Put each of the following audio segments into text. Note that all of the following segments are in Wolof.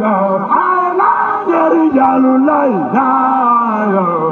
Subhanallah, Jalulay, Jalulay.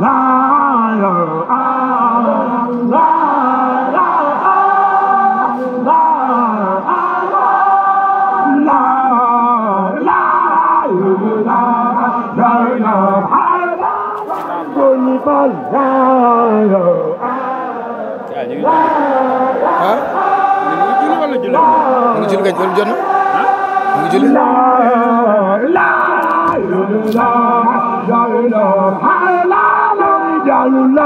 la la la la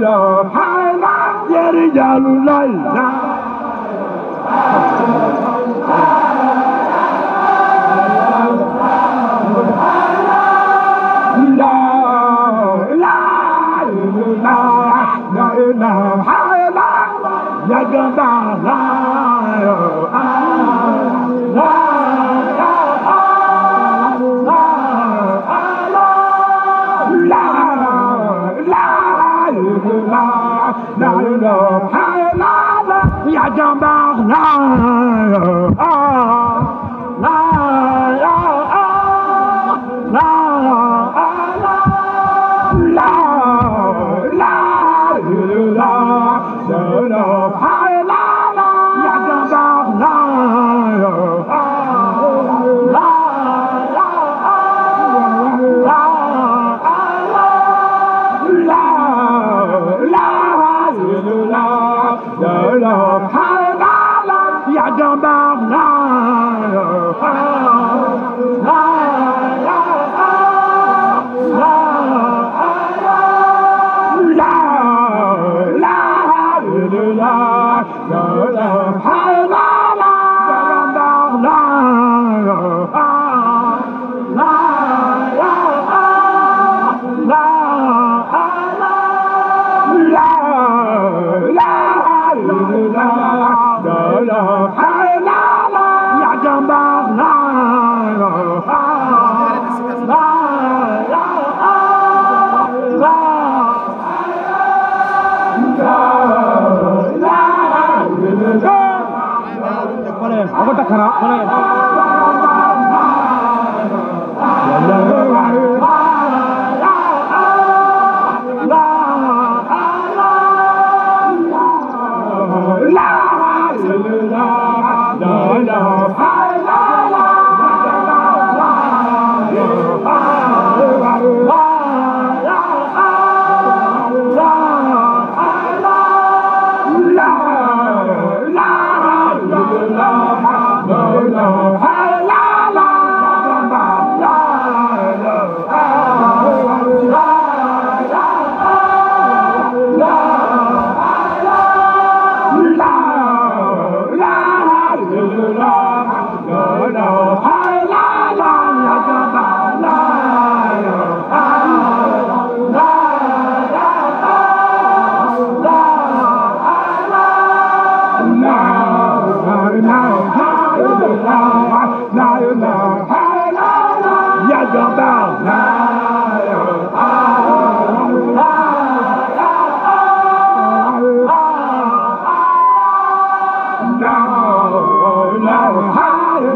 love. I love Yerijalu Laila. don't know. 过来。Now, now, high in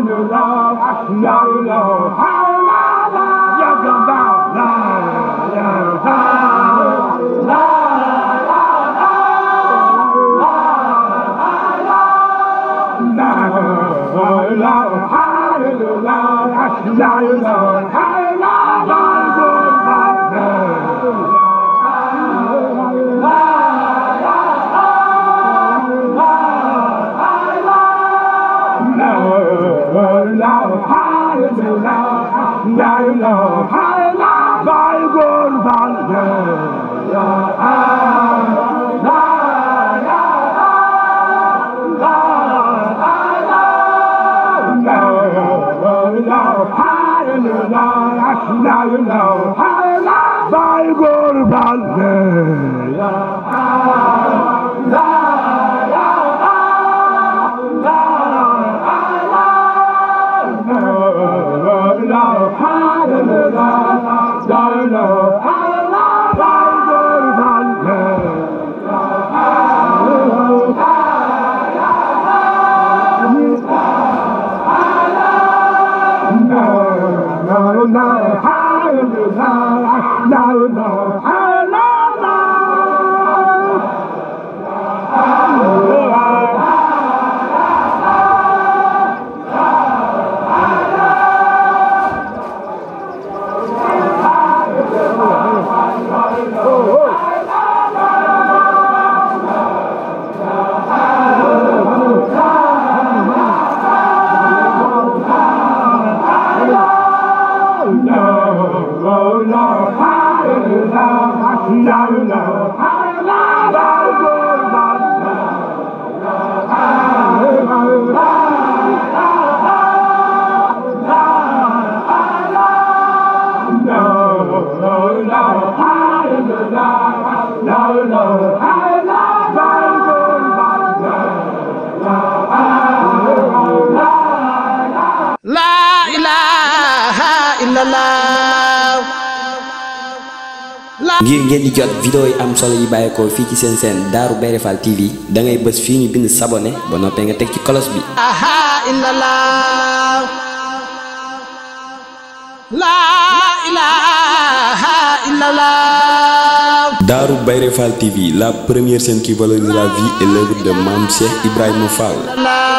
the love, now, now, high. Lord, hallelujah, hallelujah, Lord, hallelujah, Lord, Lord, hallelujah, hallelujah, Hayla, hayla, vay kurban Leyla, hayla. Don't know ngir ngeen di jot vidéo yi am solo yi bàyyeekoo fii ci seen seen Darou Bairé Fall TV da ngay bës fii ñu bind sabonné ba nga teg ci kolos bi. Darou Bairé Fall TV la première chaîne qui valorise la vie et l'œuvre de Mame Cheikh Ibrahima